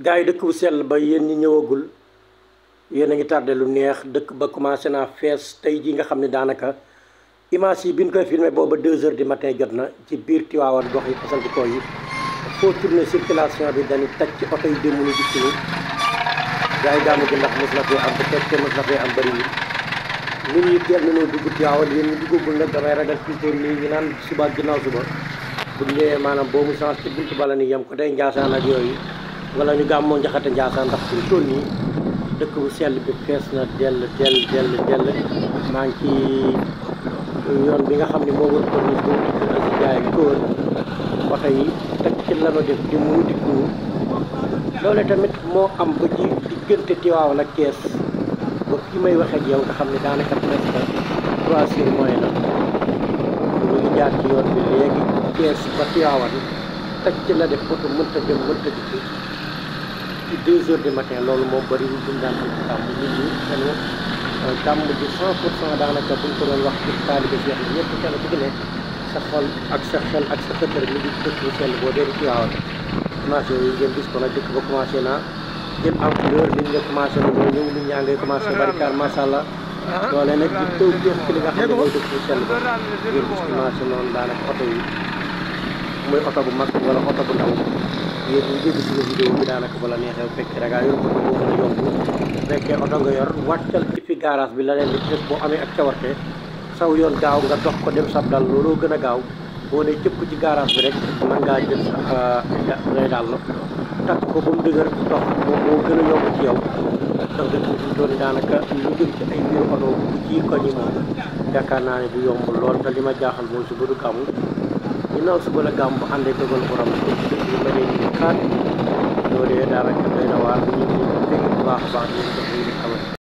gars yi dëkk bu sell ba yéen ñi ñëwagul yéen a ngi tardé lu neex dëkk ba commencé naa fees tey jii nga xam ne daanaka image yi bi ñu koy filmé booba deux heures du matin jot na ci biir Tiwaawan gox yi fasantikoo yi foo tourné circulation bi dañu taj ci oto yi démb ñu gis ni gars yi daanu gi ndax mos na fee am bu fekkee mos na fee am bëri yi nit ñi teel nañoo dugg Tiwaawan yéen ñi duggagul nag damay ragal toujours nii ñu naan suba ginnaaw suba bu ñëwee maanaam boobu change ci buntu bala yem ko tey njaasaan ak yooyu wala ñu gàmmoo njaxate njaasaan ndax suñu tool yi dëkk bu sell bi fees na dell dell dell dell maa ngi ci euh, yoon bi nga xam ne moo wër ko ni bu ak jaay ko wër ci lanu def di mu dikku loole tamit moo am ba ci diggante Tivaouane ak Thiès ba fi may wax ak yow nga xam ne a presque trois sur mooy la ñu ngi jaar ci yoon bi léegi Thiès ba Tivaouane teg ci la def oto mënta dem mënta dikku ci deux heures loolu moom bëriwul bu ñu daan am ci gàmm euh, daanaka bu ko doon wax ci taalibe Cheikh yi ñëpp kenn ku ci nekk sa xol ak sa xel ak sa xëtër mi ngi dëkk sell boo dee di Tiwaawan commencé yooyu ngeen gis ko nag dëkk ba commencé naa jël am couleur nit nga commencé na ñëw nit ñaa ngay commencé barikaar macha allah loolee nag di taw jëf ci li nga xam ne bu sell ba ngeen gis commencé noonu daanaka oto yi muy oto bu mag wala oto bu ndaw yow bu jéggi si bi daanaka bala neexee fekk da ngaa yor oto boo a yomb bu fekkee oto nga yor wàccal ci fi garage bi la leen di des boo amee ak cawarte saw yoon gaaw nga dox ko dem sab dal looloo gën a gaaw boo ne cëpp ci garage bi rek mën ngaa jël lay ah, daal la takk ko ba mu dëgër dox gën a yow ndax daanaka lu jëm ci ay biir oto ci koñi moom yaakaar naa ne bu yomb lool te li ma jaaxal mooy su bëdu gàmmu ginnaaw suba la gàmm ànd dogal borom bi ba léegi ñu kaat loolu yëpp daanaka doy na waar ñu ngi bu baax a baax ñu ngi